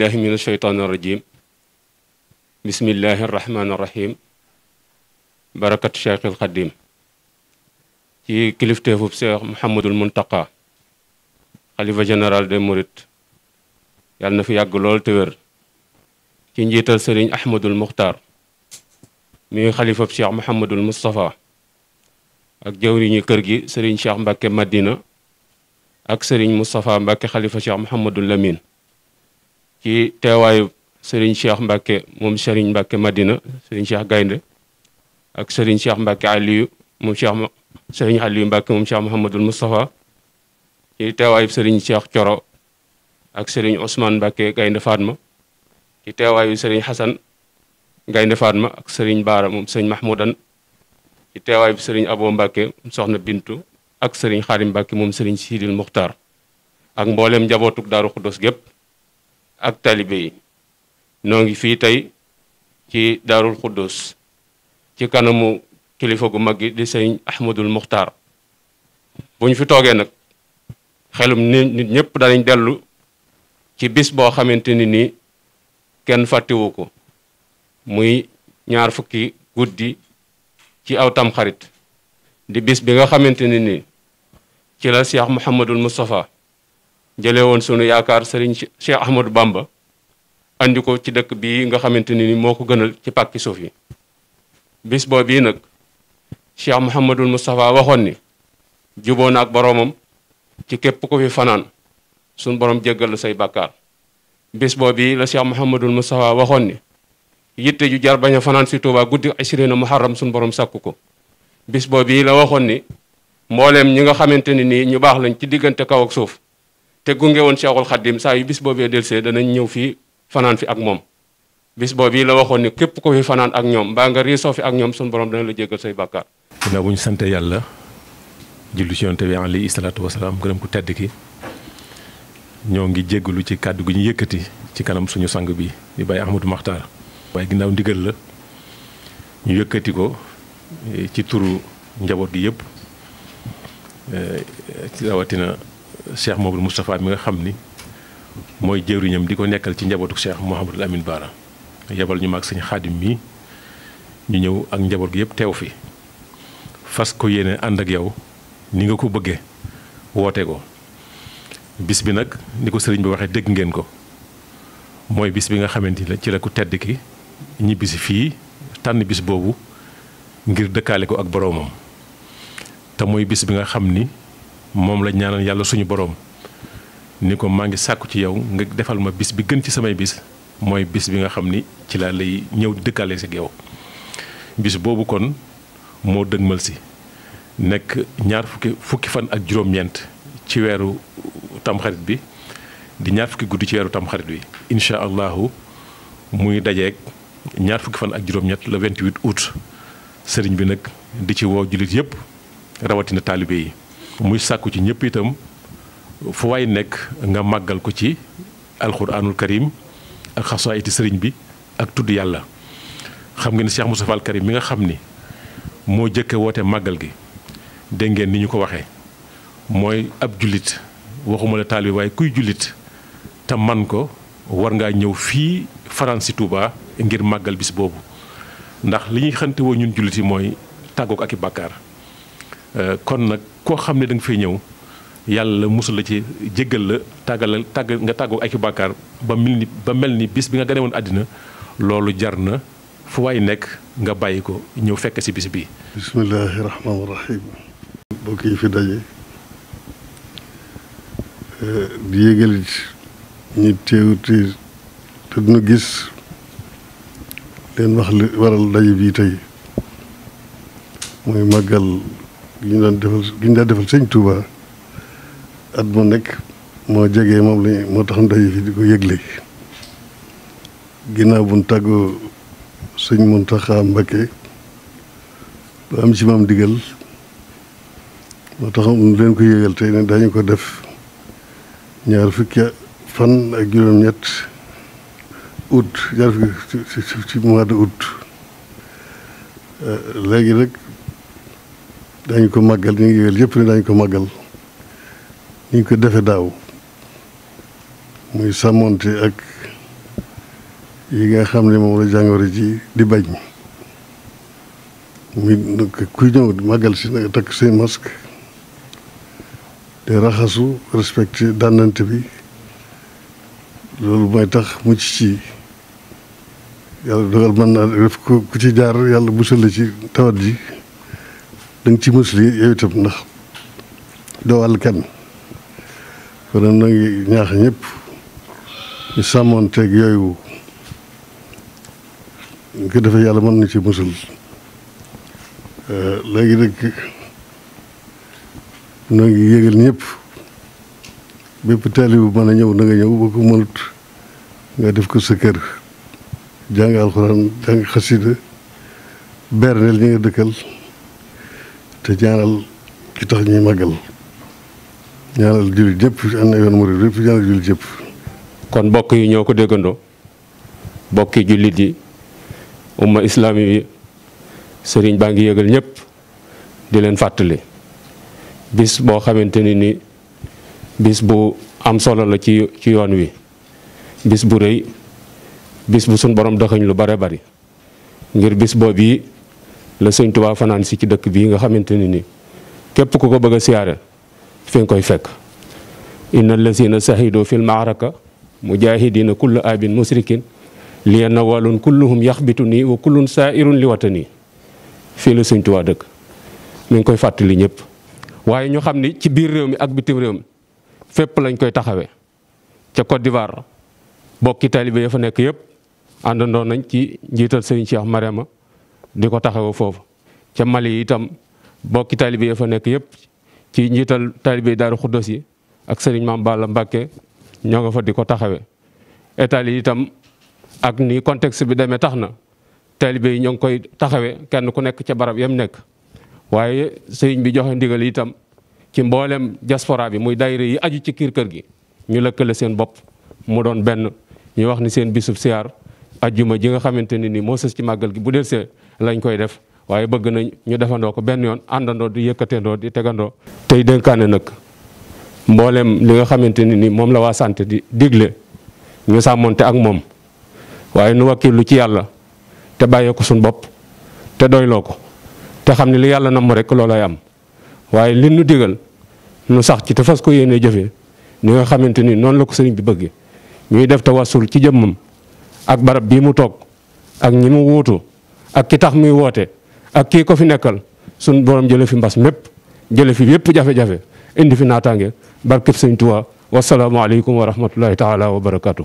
بالله من الشيطان الرجيم بسم الله الرحمن الرحيم بركة الشيخ القديم ci kilifteefub Cheikh Mouhamadul Mountakha xalifa général des Mourides yàlla na fi yàgg lool te wér ci njiital sëriñ Ahmadul Muxtaar mi xalifab Cheikh Mouhamadul Moustapha ak jawriñu kër gi sëriñ Cheikh Mbacke Madina ak sëriñ Moustapha Mbacke xalifa Cheikh Mouhamadul Lamine ci teewaayu Serigne Cheikh Mbacke moom Serigne Mbacke Madina Serigne Cheikh Gaynde ak Serigne Cheikh Mbacke Aliou moom Cheikh Serigne Aliou Mbacke moom Cheikh Mouhamadul Moustapha ci teewaayu Serigne Cheikh Coro ak Serigne Ousmane Mbacke Gaynde Fatma ci teewaayu Serigne Hassan Gaynde Fatma ak Serigne Baara moom Serigne Mahmoudan ci teewaayu Serigne Abo Mbacke soxna Bintu ak Serigne Xaadim Mbacke moom Serigne Sidil Muxtaar ak mboolem njabootuk Daaru Xuddos gépp ak talibe yi noo ngi fii tey ci daarul xuddus ci kanamu kilifa gu mag gi di sëñ ahmadul muxtaar bu ñu fi toogee nag xelum nit nit ñëpp danañ dellu ci bis boo xamante ni nii kenn fàttewu ko muy ñaar fukki guddi ci aw tamxarit di bis bi nga xamante ni nii ci la Cheikh Mouhamadul Moustapha jëlee won sunu yakar serigne Cheikh ahmed Bamba andi ko ci dëkk bi nga xamanteni ni moko gënal ci pakki suuf yi bis bo bi nak Cheikh Mouhamadul mustafa waxon ni juboo ak ci kep ku fi fanan sun borom jéggal say bàkkaar bis bo bi la Cheikh Mouhamadul mustafa waxon ni yitte ju jar baña fanan ci si guddi muharram sun borom sàkku ko bis bo bi la waxon ni mbollem ñi nga xamanteni ni ñu bax lañ ci digënté kaw ak suuf te gunge woon Cheikhul Khadim saa yu bis boobee delsee danañ ñëw fii fanaan fi ak moom bis boobu la waxoon ni képp ko fi fanaan ak ñoom mbaa nga riisoo fi ak ñoom suñu borom dana la jéggal say bàkkaar ginnaaw bu ñu sante yàlla jullu ci yonte bi alayhi salaatu wasalaam gërëm ku tedd ki ñoo ngi jéggalu ci kàddu gi ñu yëkkati ci kanam suñu sang bi di Baye Ahmadou Makhtar waaye ginnaaw ndigal la ñu yëkkati ko eh, ci turu njaboot gi yëpp ci eh, rawatina Cheikh Mouhamadou Moustapha mi nga xam ni mooy jëwriñam di ko nekkal ci njabootu Cheikh Mouhamadou Amine Bara yebal ñu maag sëñ xaadim mi ñu ñëw ak njaboot gi yëpp teew fi fas ko yéene ànd ak yow ni nga ko bëggee woote ko bis bi nag ni ko sëriñ bi waxee dégg ngeen ko mooy bis bi nga xamante ni ci la ku tedd ki ñibbisi fii tànn bis boobu ngir dëkkaale ko ak boroomam te mooy bis bi nga xam ni moom la ñaanal yàlla suñu boroom ni ko maa ngi sàkku ci yow nga defal ma bis bi gën ci samay bis mooy bis bi nga xam ni ci laa lay ñëw dëkkaale si yow bis boobu kon moo dëgmal si nekk ñaar fukki fan ak juróom-ñeent ci weeru tamxarit bi di ñaar fukki guddi ci weeru tamxarit bi incha allahu muy dajeeg ñaar fukki fan ak juróom la le 28 août sëriñ bi nag di ci woo jullit yëpp rawatina taalibe yi. muy sakku ci ñepp itam fu way nek nga magal ko ci alquranul karim ak xasaayiti serign bi ak tuddu yalla xam ngeen Cheikh Moustapha al Karim mi nga xam ni moo jëkke wote magal gi de ngeen ni ñu ko waxee mooy ab julit waxuma la talib way kuy julit ta man ko war nga ñew fi france Touba ngir magal bis bobu ndax li ñuy xante woo ñun juliti moy tagok ak Euh, kon nag koo xam ne danga nga fay ñëw yàlla musul la ci jéggal la tàggal tàgg nga tàggoo ak i bàkkaar ba mel ni bis bi nga gane woon àddina loolu jar na fu waay nekk nga bàyyi ko ñëw fekk si bis bii. bismillahi rahmaani rahim. mbokk yi fi daje di yëgal it ñu te te gis leen wax li waral daje bii tey muy màggal. gi ñu daan defal gi ñu daan defal sëñ Touba at mu nekk moo jege moom lañ moo tax ndaje fi di ko yëgle ginnaaw bu ñu tàggoo sëñ Mountakha Mbacké ba am ci maam digal moo tax ñu leen ko yëgal tey ne daañu ko def ñaar fukki fan ak juróom-ñett août ci mois de août euh, léegi rek. dañ ko màggal ñu ngi yëgal yëpp ne ko màggal ñu ko defe daaw muy sàmmonte ak yi nga xam ne moom la jàngoro ji di bañ muy kuy ñëw màggal si nag takk say masque te raxasu respecté dànnante bi loolu mooy tax mucc ci yàlla dogal mën naa def ku ci jaar yàlla busal la ci tawat ji da nga ci musli yow itam ndax doo wàll kon nag na ngi ñaax ñëpp ñu sàmmoonteeg yooyu ñu ko defee yàlla mën na ci musul eh, léegi nag noo ngi yëgal ñëpp bépp taalibu mën a ñëw na ñëw boo ko mënut nga def ko sa kër jàng alxuraan jàng xasida berneel ñi nga dëkkal te ñaanal ki tax ñuy màggal ñaanal jullit jëpp ànd yoon yëpp kon mbokk yi ñoo ko déggandoo mbokki jullit yi umma islaami bi sëriñ baa ngi yëgal ñépp di leen fàttali bis boo xamante ni ni bis bu am solo la ci ci yoon wi bis bu rëy bis bu suñ borom doxañ lu bare bari ngir bis boobu yi la sëñ fanaan si ci dëkk bii nga xamante ne ni képp ku ko bëgg a siyaare fi nga koy fekk inna allazina sahidu fi lmaaraka mujahidina kulla abin musrikin li na walun kulluhum yaxbitu nii wa kullun saairun li watani fii la sëñ Tuubaa dëkk mu ngi koy fàttali ñëpp waaye ñu xam ni ci biir réew mi ak bitim réew mi fépp lañ koy taxawe ca Côte d'Ivoire bokki taalibe ya fa nekk yëpp àndandoon nañ ci njiital si Cheikh Mariama di ko taxawu foofu ca Mali itam bokki taalibe ya fa nekk yëpp ci njiital taalibe Daaru Xuddos yi ak Serigne Mame Balla Mbacke ñoo nga fa di ko taxawee état yitam ak ni contexte bi demee tax na taalibe yi ñoo ngi koy taxawee kenn ku nekk ca barab yam nekk waaye sëriñ bi joxe ndigal itam ci mboolem diaspora bi muy daayira yi aju ci kiir kër gi ñu lëkkale seen bopp mu doon benn ñuy wax ni seen bisub siyaar ajjuma ji nga xamante ne nii moo sës ci màggal gi bu del see lañ koy def waaye bëgg nañ ñu defandoo ko benn yoon àndandoo di yëkkateendoo di tegandoo tey dénkaane nag mbooleem li nga xamante ne nii moom la waa santé di digle ñu sàmmonte ak moom waaye nu lu ci yàlla te bàyyee ko suñ bopp te doyloo ko te xam ne li yàlla namm rek loolay am waaye li nu digal nu sax ci te fas ko yéenee jëfee ni nga xamante ni noonu la ko sëriñ bi bëggee ñuy def tawassul ci jëmmam ak barab bii mu toog ak ñi mu wuutu ak ki tax muy woote ak kii ko fi nekkal sun boroom jële fi mbas mépp jële fi yépp jafe-jafe indi fi naataange barkeb sëñ Tuubaa wasalaamualeykum wa rahmatullahi wa barakaatu.